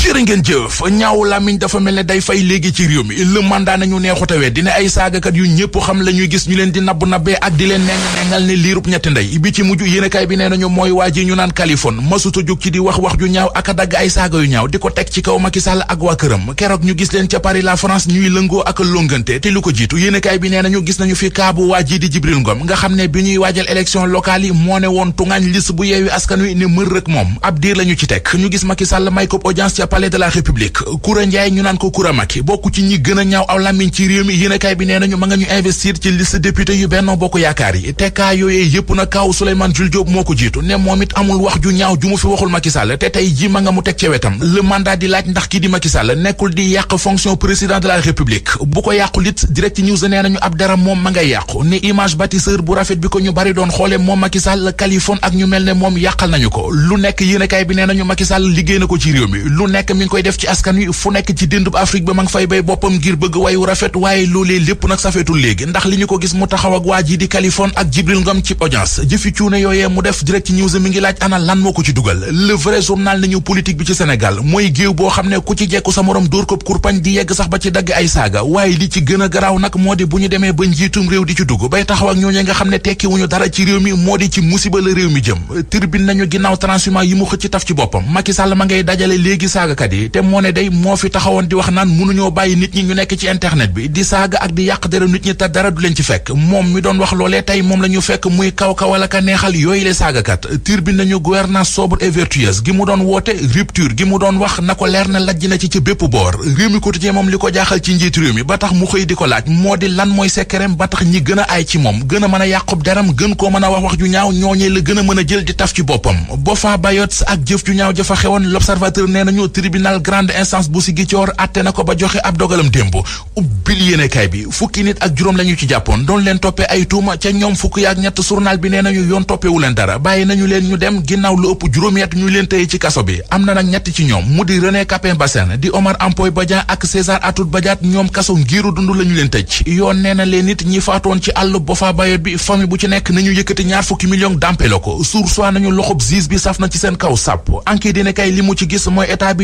jërë ngeen jëf ñaaw làmmiñ dafa mel ne day fay léegi ci réew mi le mandat nañu neexutawee dina ay saagakat yu ñëpp xam la ñuy gis ñu leen di nabb nabbee ak di leen neng nengal ne liirub ñetti ndey bi ci mujj yéenekaay bi nee nañu mooy waa ji ñu naan Kalifone masuta jóg ci di wax wax ju ñaaw ak a dagg ay saaga yu ñaaw di ko teg ci kaw Macky Sall ak waa këram keroog ñu gis leen ca Paris la France ñuy lëngoo ak longante te lu ko jiitu yéenekaay bi nee nañu gis nañu fi kaabu waa ji palais de la république Koura Ndiaye ñu naan ko Koura Macky bokk ci ñi gën a ñaaw aw làmmiñ ci réew mi yéenekaay bi nee nañu ma wax ju ñaaw ju mu fi waxul Macky ma nga mu teg ca wetam le mandat di laaj ndax kii di Macky Sall nekkul di yàq fonction président de la république bu dara moom ma nga yàqu ne image bâtisseur bu rafet bi ko ñu bari doon xoole moom Macky Sall kalifon ak ñu mel ne moom yàqal nañu ko lu nekk yéenekaay bi nee nañu Macky Sall liggéey na ko ci réew mi nekk mi ngi koy def ci askan wi fu nekk ci déndub Afrique ba ma ngi fay bay boppam ngir bëgg wayu rafet waaye loolee lépp nag safeetul léegi ndax li ñu ko gis mu taxaw ak waa ji di kalifon ak Jibril Ngom ci audience jëfi cuune yooyee mu def direct ci news mi ngi laaj ana lan moo ko ci dugal le vrai journal nañu politique bi ci senegal mooy géew boo xam ne ku ci jekku sa morom dóor ko kurpañ di yegg sax ba ci dagg ay saaga waaye li ci gën a garaaw na moo di bu ñu demee ba njiitum réew di ci dugg bay taxaw ak ñooñu nga xam ne tekki dara ci réew mi moo di ci musiba la réew mi jëm tribune nañu ginnaaw transhumant yi mu xëcc taf ci boppam Macky Sall ma ngay dajale léegi saagakat yi te moo ne day moo fi taxawoon di wax naan mënuñoo bàyyi nit ñi ñu nekk ci internet bi di saaga ak di yàq dara nit ñi dara du leen ci fekk moom mi doon wax loolee tey moom la ñu fekk muy kaw kawal ak a neexal yooyu le saagakat turbine nañu gouvernance sobre et vertueuse gi mu doon woote rupture gi mu doon wax na ko leer na lajj na ci ci bépp boor réew mi moom li ko jaaxal ci njiit réew mi ba tax mu xëy di ko laaj moo di lan mooy sekkereem a a a yàqub deram gën koo a a a tribunal grande instance bu Ziguinchor atte na ko ba joxe ab dogalam démb ubbil yéenekaay bi fukki nit ak juróom la ci jàppoon doon leen toppee ay tuuma ca ñoom fukki ak ñett journal bi nee nañu yoon toppewu leen dara bàyyi nañu leen ñu dem ginnaaw lu ëpp juróomi at ñu leen tëye ci kaso bi am na nag ñett ci ñoom mu di René Capain Bassène di Omar Ampoy Badian ak César Atoute Badiate ñoom kaso ngiiru dund la leen tëj yoon nee leen nit ñi faatoon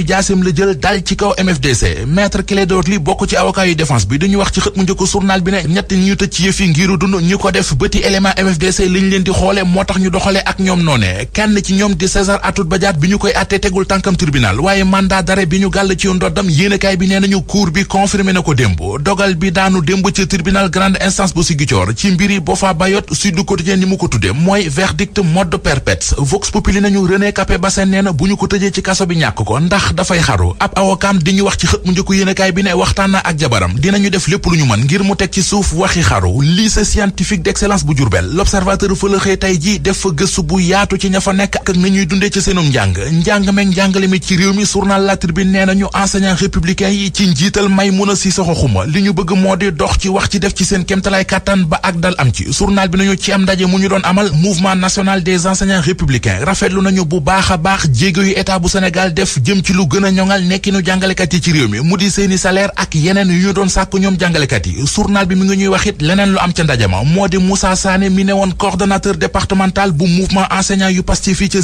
jaasim la jël dal ci kaw MFDC maître Clédor Ly bokk ci avocat yu défense bi dañu wax ci xët mu njëkk journal bi ne ñett ñi ñu tëj ci yëf yi ngiru dund ñu ko def bëti élément MFDC liñ leen di xoole moo tax ñu doxale ak ñoom noone kenn ci ñoom di César Atoute Badiate bi ñu koy àtte tegul tànkam tribunal waaye mandat d'arrêt bi ñu gàll ci ndoddam yéenekaay bi nee nañu cour bi confirmé na ko démb dogal bi daanu démb ci tribunal grande instance bu Ziguinchor ci mbiri Boffa Bayotte Sud Quotidien ni mu ko tudde mooy verdict mode perpète Vox Populi nañu René Capé Bassène nee na bu ñu ko tëjee ci kaso bi ñàkk ko ndax dafay xaru ab awokaam di ñu wax ci xët mu njëkku yéenekaay bi ne waxtaan na ak jabaram dinañu def lépp lu ñu mën ngir mu teg ci suuf waxi xaru lycée scientifique d'excellence bu Diourbel l'observateur fa la xëy tey ji def fa gëstu bu yaatu ci ña fa nekk ak ni ñuy dundee ci seenu njàng njàng meeg njàngale mi ci réew mi journal La Tribune nee na nañu enseignant républicain yi ci njiital may Maïmouna Sissoko Khouma li ñu bëgg moo di dox ci wax ci def ci seen kéemtalaay kàttan ba ak dal am ci journal bi nañu ci am ndaje mu ñu doon amal mouvement national des enseignants républicains rafetlu nañu bu baax baax jéego yu état bu def jëm ci lu lu ñoŋal nekkinu jàngalekat yi ci réew mi mu di seeni salaire ak yeneen yu ñu doon sàkku ñoom jàngalekat yi journal bi mi ngi ñuy wax leneen lu am ca ndajama moo di Moussa Sané mi ne woon coordonnateur départemental bu mouvement enseignant yu Pastef fii ca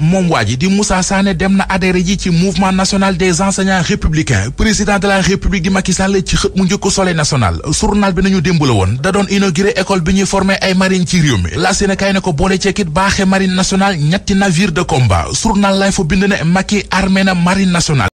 moom waa ji di Moussa Sané dem na adhéré ji ci mouvement national des enseignants républicains président de la république di Macky Sall ci xët mu njëkku soleil national journal bi nañu da marine nationale